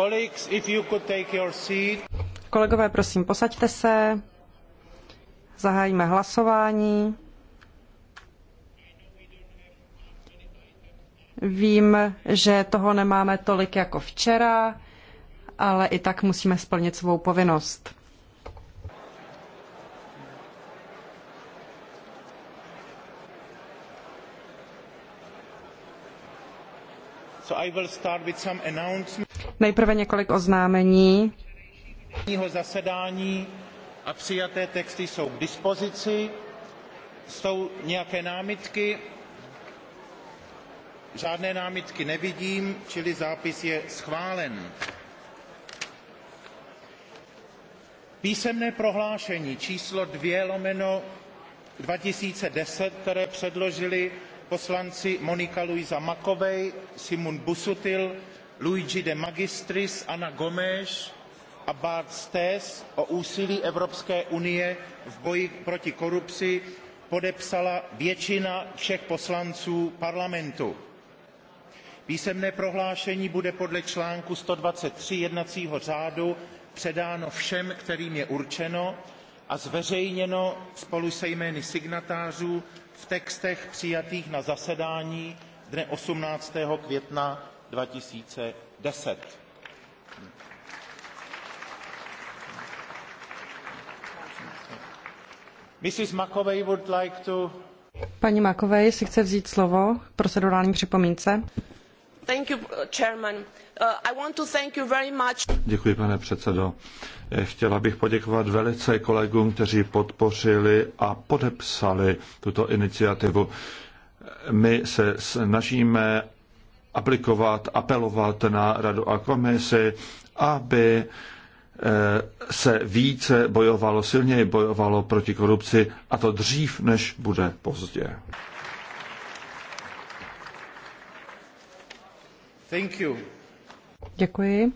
Colleagues, if you could take your seat. Kolegové, prosím, posaďte se. Zahájíme hlasování. Vím, že toho nemáme tolik jako včera, ale i tak musíme splnit svou povinnost. Nejprve několik oznámení. zasedání a přijaté texty jsou k dispozici. Jsou nějaké námitky? Žádné námitky nevidím, čili zápis je schválen. Písemné prohlášení číslo 2 lomeno 2010, které předložili poslanci Monika Luisa Makovej, Simon Busutil, Luigi de Magistris, Ana Gomes a Bart Stes o úsilí Evropské unie v boji proti korupci podepsala většina všech poslanců parlamentu. Písemné prohlášení bude podle článku 123 jednacího řádu předáno všem, kterým je určeno, a zveřejněno spolu se jmény signatářů v textech přijatých na zasedání dne 18. května 2010. Mrs. McAvey would like to... Paní Makové si chce vzít slovo k procedurální připomínce. Uh, Děkuji, pane předsedající eh, Chtěla bych poděkovat velice kolegům, kteří podpořili a podepsali tuto iniciativu. My se snažíme aplikovat, apelovat na radu a komisi, aby eh, se více bojovalo, silněji bojovalo proti korupci a to dřív, než bude pozdě. Děkuji.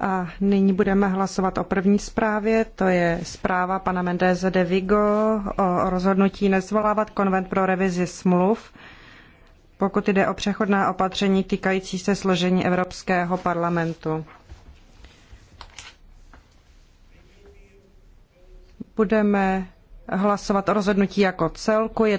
A nyní budeme hlasovat o první zprávě, to je zpráva pana Mendéze de Vigo o rozhodnutí nezvolávat konvent pro revizi smluv, pokud jde o přechodná opatření týkající se složení Evropského parlamentu. Budeme hlasovat o rozhodnutí jako celku, je to